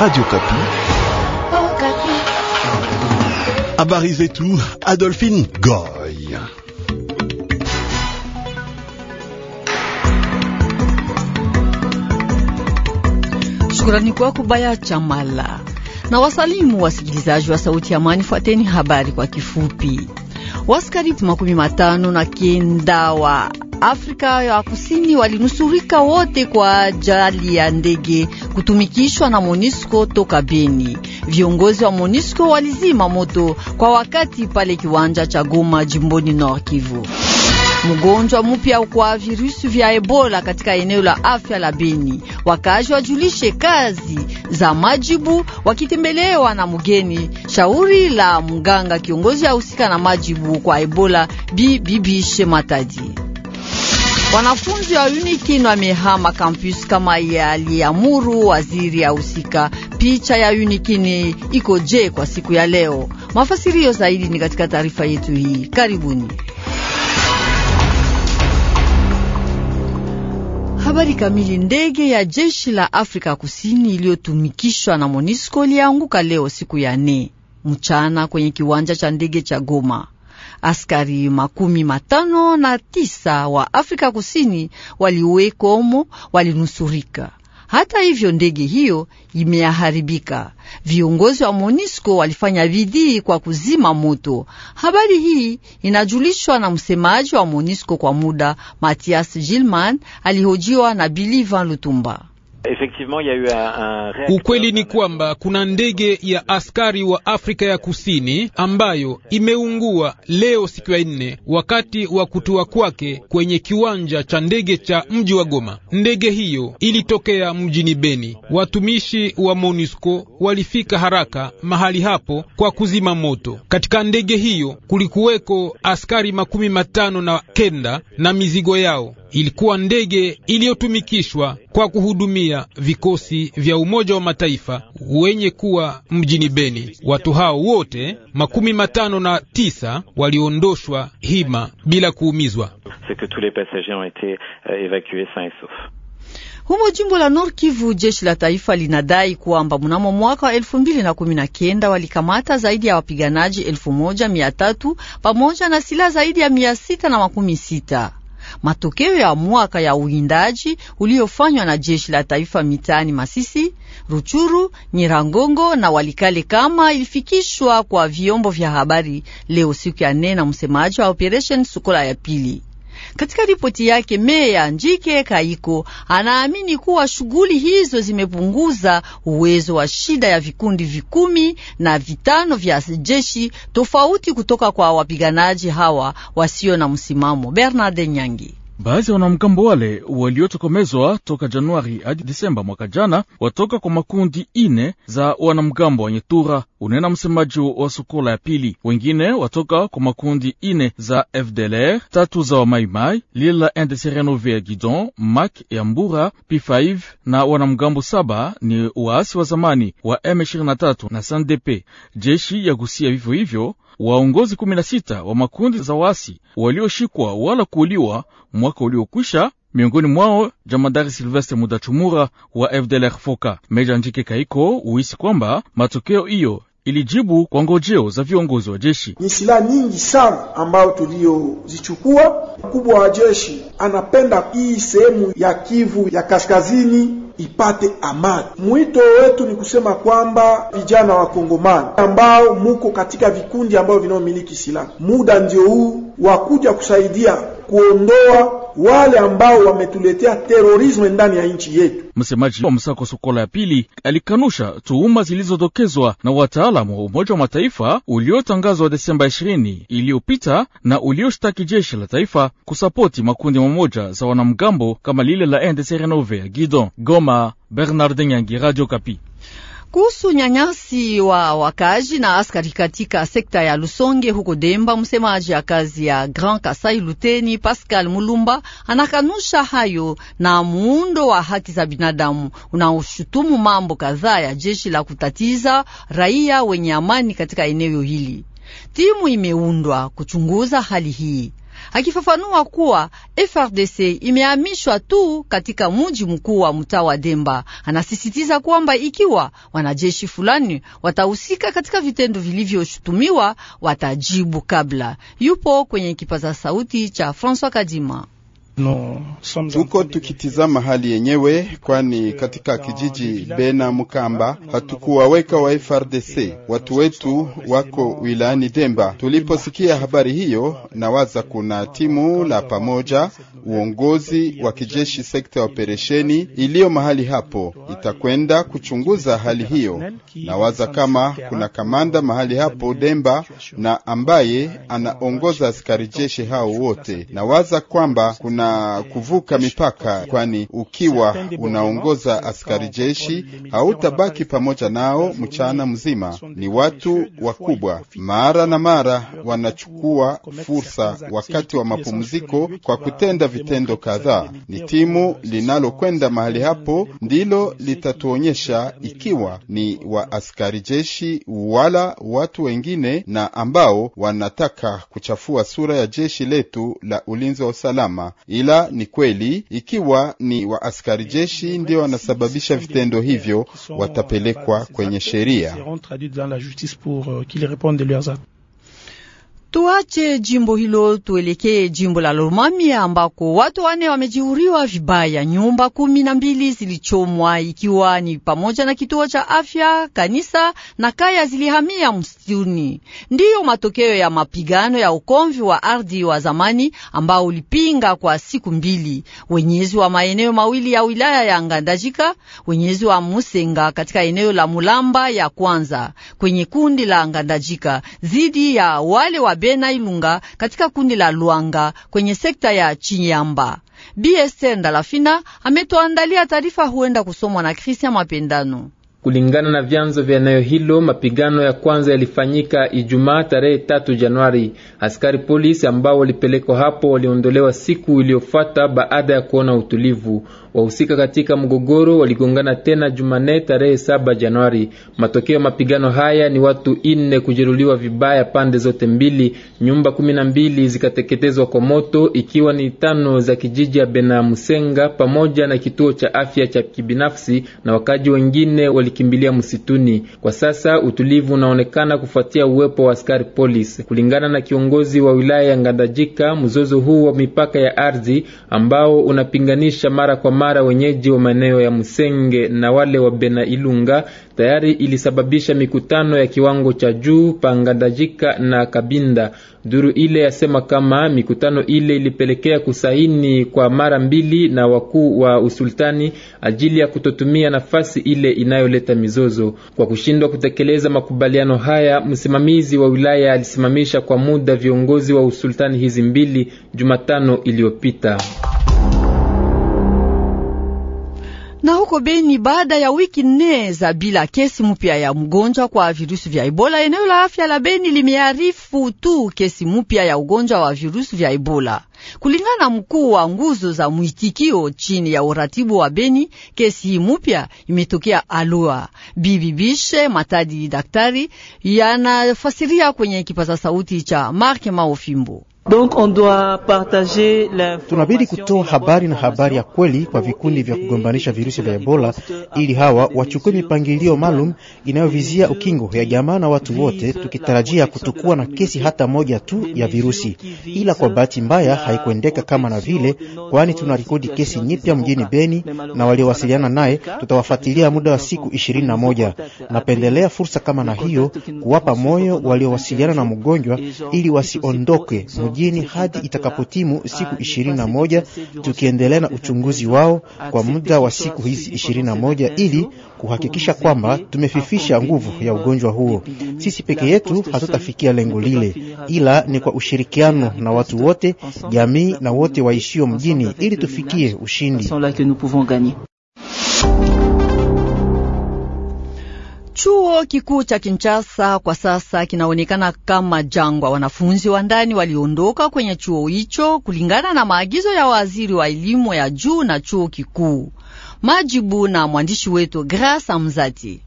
Radio Kapi. Habari zetu Adolphine Goy. Shukrani kwa kubaya Chamala na wasalimu wasikilizaji wa Sauti ya Amani. Fuateni habari kwa kifupi. Waskari makumi matano na kenda wa Afrika ya Kusini walinusurika wote kwa ajali ya ndege kutumikishwa na Monisco toka Beni. Viongozi wa Monisco walizima moto kwa wakati pale kiwanja cha Goma jimboni Nord Kivu. Mgonjwa mupya kwa virusi vya Ebola katika eneo la afya la Beni. Wakazi wajulishe kazi za majibu wakitembelewa na mgeni. Shauri la mganga kiongozi ya husika na majibu kwa Ebola Bibi Shematadi. Wanafunzi wa UNIKIN wamehama kampus kama yaliamuru waziri ya husika. Picha ya UNIKIN iko je kwa siku ya leo? Mafasirio zaidi ni katika taarifa yetu hii, karibuni. Habari kamili. Ndege ya jeshi la Afrika Kusini iliyotumikishwa na MONUSCO ilianguka leo siku ya nne mchana kwenye kiwanja cha ndege cha Goma. Askari makumi matano na tisa wa Afrika Kusini waliwekomo walinusurika. Hata hivyo ndege hiyo imeharibika. Viongozi wa MONUSCO walifanya bidii kwa kuzima moto. Habari hii inajulishwa na msemaji wa MONUSCO kwa muda Mathias Gilman, alihojiwa na Bilivan Lutumba ukweli ni kwamba kuna ndege ya askari wa Afrika ya Kusini ambayo imeungua leo siku ya nne wakati wa kutua kwake kwenye kiwanja cha ndege cha mji wa Goma. Ndege hiyo ilitokea mjini Beni. Watumishi wa MONUSCO walifika haraka mahali hapo kwa kuzima moto. Katika ndege hiyo kulikuweko askari makumi matano na kenda na mizigo yao ilikuwa ndege iliyotumikishwa kwa kuhudumia vikosi vya Umoja wa Mataifa wenye kuwa mjini Beni. Watu hao wote makumi matano na tisa waliondoshwa hima bila kuumizwa. Euh, Humo jimbo la Nord Kivu, jeshi la taifa linadai kwamba mnamo mwaka wa elfu mbili na kumi na kenda walikamata zaidi ya wapiganaji elfu moja mia tatu pamoja na silaha zaidi ya mia sita na makumi sita matokeo ya mwaka ya uwindaji uliofanywa na jeshi la taifa mitaani Masisi, Ruchuru, Nyirangongo na Walikale kama ilifikishwa kwa vyombo vya habari leo siku ya nne na msemaji wa operesheni Sukola ya pili. Katika ripoti yake, meya Njike Kaiko anaamini kuwa shughuli hizo zimepunguza uwezo wa shida ya vikundi vikumi na vitano vya jeshi tofauti kutoka kwa wapiganaji hawa wasio na msimamo. Bernard Nyangi Baadhi ya wanamgambo wale waliotokomezwa toka Januari hadi Disemba mwaka jana watoka kwa makundi ine za wanamgambo wa Nyetura, unena msemaji wa Sokola ya pili. Wengine watoka kwa makundi ine za FDLR, tatu za Wamaimai, lila NDC Renove ya Gidon Mak ya Mbura P5 na wanamgambo saba ni waasi wa zamani wa M23 na SNDP. Jeshi ya gusia vivyo hivyo waongozi 16 wa makundi za wasi walioshikwa wala kuuliwa mwaka uliokwisha miongoni mwao jamadari Silvestre Mudachumura wa FDLR Foka. Meja Njike Kaiko huisi kwamba matokeo hiyo ilijibu kwa ngojeo za viongozi wa jeshi. Ni silaha nyingi sana ambayo tuliozichukua. Mkubwa wa jeshi anapenda hii sehemu ya Kivu ya kaskazini ipate amani. Mwito wetu ni kusema kwamba vijana wa Kongomani ambao muko katika vikundi ambao vinaomiliki silaha, muda ndio huu wa kuja kusaidia kuondoa wale ambao wametuletea terorisme ndani ya nchi yetu. Msemaji wa msako Sokola ya pili alikanusha tuhuma zilizodokezwa na wataalamu wa Umoja wa Mataifa uliotangazwa Desemba 20 iliyopita na ulioshtaki jeshi la taifa kusapoti makundi mamoja za wanamgambo kama lile la NDC Renove ya Gidon Goma. Bernardin Yangi, Radio Kapi kuhusu nyanyasi wa wakaji na askari katika sekta ya Lusonge huko Demba. Msemaji ya kazi ya Grand Kasai Luteni Pascal Mulumba anakanusha hayo na muundo wa haki za binadamu unaoshutumu mambo kadhaa ya jeshi la kutatiza raia wenye amani katika eneo hili. Timu imeundwa kuchunguza hali hii akifafanua kuwa FRDC imehamishwa tu katika mji mkuu wa mtaa wa Demba. Anasisitiza kwamba ikiwa wanajeshi fulani watahusika katika vitendo vilivyoshutumiwa watajibu kabla. Yupo kwenye kipaza sauti cha François Kadima. No, tuko tukitizama hali yenyewe, kwani katika kijiji Bena Mukamba hatukuwaweka wa FRDC. Watu wetu wako wilayani Demba. Tuliposikia habari hiyo, nawaza kuna timu la pamoja uongozi wa kijeshi, sekta ya operesheni iliyo mahali hapo itakwenda kuchunguza hali hiyo. Nawaza kama kuna kamanda mahali hapo Demba na ambaye anaongoza askari jeshi hao wote, nawaza kwamba kuna na kuvuka mipaka, kwani ukiwa unaongoza askari jeshi hautabaki pamoja nao mchana mzima. Ni watu wakubwa, mara na mara wanachukua fursa wakati wa mapumziko kwa kutenda vitendo kadhaa. Ni timu linalokwenda mahali hapo ndilo litatuonyesha ikiwa ni wa askari jeshi wala watu wengine, na ambao wanataka kuchafua sura ya jeshi letu la ulinzi wa usalama ila ni kweli ikiwa ni wa askari jeshi ndio wanasababisha vitendo hivyo, watapelekwa kwenye sheria. Tuache jimbo hilo tuelekee jimbo la Lomami ambako watu wane wamejeruhiwa vibaya, nyumba kumi na mbili zilichomwa ikiwa ni pamoja na kituo cha afya, kanisa na kaya zilihamia msituni. Ndiyo matokeo ya mapigano ya ukomvi wa ardhi wa zamani ambao ulipinga kwa siku mbili wenyezi wa maeneo mawili ya wilaya ya Ngandajika, wenyezi wa Musenga katika eneo la Mulamba ya kwanza kwenye kundi la Ngandajika zidi ya wale wa Bena Ilunga katika kundi la Luanga kwenye sekta ya Chinyamba. Bi Esther Ndalafina ametuandalia taarifa, huenda kusomwa na Christian Mapendano. Kulingana na vyanzo vya eneo hilo, mapigano ya kwanza yalifanyika Ijumaa tarehe 3 Januari. Askari polisi ambao walipelekwa hapo waliondolewa siku iliyofuata baada ya kuona utulivu. Wahusika katika mgogoro waligongana tena Jumanne tarehe 7 Januari. Matokeo ya mapigano haya ni watu nne kujeruliwa vibaya pande zote mbili, nyumba 12 zikateketezwa kwa moto, ikiwa ni tano za kijiji ya Benamusenga pamoja na kituo cha afya cha kibinafsi na wakaji wengine wali walikimbilia msituni. Kwa sasa utulivu unaonekana kufuatia uwepo wa askari polisi. Kulingana na kiongozi wa wilaya ya Ngandajika, mzozo huu wa mipaka ya ardhi ambao unapinganisha mara kwa mara wenyeji wa maeneo ya Msenge na wale wa Bena Ilunga tayari ilisababisha mikutano ya kiwango cha juu Pangandajika na Kabinda. Duru ile yasema kama mikutano ile ilipelekea kusaini kwa mara mbili na wakuu wa usultani ajili ya kutotumia nafasi ile inayoleta mizozo. Kwa kushindwa kutekeleza makubaliano haya, msimamizi wa wilaya alisimamisha kwa muda viongozi wa usultani hizi mbili Jumatano iliyopita. Na huko Beni, baada ya wiki nne za bila kesi mpya ya mgonjwa kwa virusi vya Ebola, eneo la afya la Beni limearifu tu kesi mpya ya ugonjwa wa virusi vya Ebola. Kulingana na mkuu wa nguzo za mwitikio chini ya uratibu wa Beni, kesi mpya imetokea Alua. Bibi Bishe Matadi, daktari, yanafasiria kwenye kipaza sauti cha Mark Maofimbo. Donc on doit partager la, tunabidi kutoa habari na habari ya kweli kwa vikundi vya kugombanisha virusi vya Ebola ili hawa wachukue mipangilio maalum inayovizia ukingo ya jamaa na watu wote, tukitarajia kutokuwa na kesi hata moja tu ya virusi, ila kwa bahati mbaya haikuendeka kama na vile, kwani tuna rekodi kesi nyipya mjini Beni na waliowasiliana naye tutawafuatilia muda wa siku ishirini na moja. Napendelea fursa kama na hiyo kuwapa moyo waliowasiliana na mgonjwa ili wasiondoke mjini mjini hadi itakapotimu siku ishirini na moja tukiendelea na uchunguzi wao kwa muda wa siku hizi ishirini na moja ili kuhakikisha kwamba tumefifisha nguvu ya ugonjwa huo. Sisi peke yetu hatutafikia lengo lile, ila ni kwa ushirikiano na watu wote, jamii na wote waishio mjini, ili tufikie ushindi. Chuo kikuu cha Kinshasa kwa sasa kinaonekana kama jangwa. Wanafunzi wa ndani waliondoka kwenye chuo hicho kulingana na maagizo ya waziri wa elimu ya juu na chuo kikuu. Majibu na mwandishi wetu Grasa Mzati.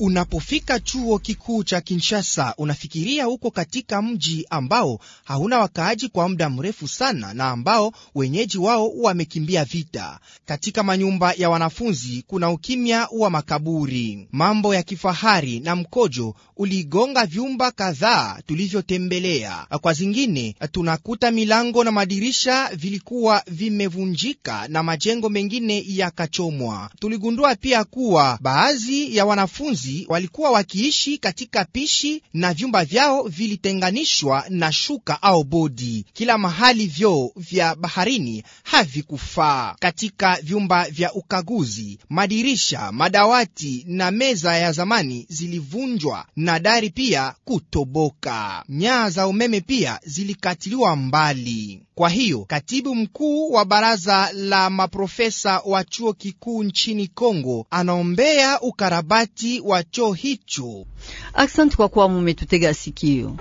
Unapofika chuo kikuu cha Kinshasa unafikiria uko katika mji ambao hauna wakaaji kwa muda mrefu sana na ambao wenyeji wao wamekimbia vita. Katika manyumba ya wanafunzi kuna ukimya wa makaburi. Mambo ya kifahari na mkojo uligonga vyumba kadhaa tulivyotembelea. Kwa zingine tunakuta milango na madirisha vilikuwa vimevunjika na majengo mengine yakachomwa. Tuligundua pia kuwa baadhi ya wanafunzi wakaaji walikuwa wakiishi katika pishi na vyumba vyao vilitenganishwa na shuka au bodi. Kila mahali vyoo vya baharini havikufaa. Katika vyumba vya ukaguzi, madirisha, madawati na meza ya zamani zilivunjwa na dari pia kutoboka. Nyaya za umeme pia zilikatiliwa mbali. Kwa hiyo katibu mkuu wa baraza la maprofesa wa chuo kikuu nchini Kongo anaombea ukarabati wa choo hicho. Asante kwa kuwa mumetutega sikio.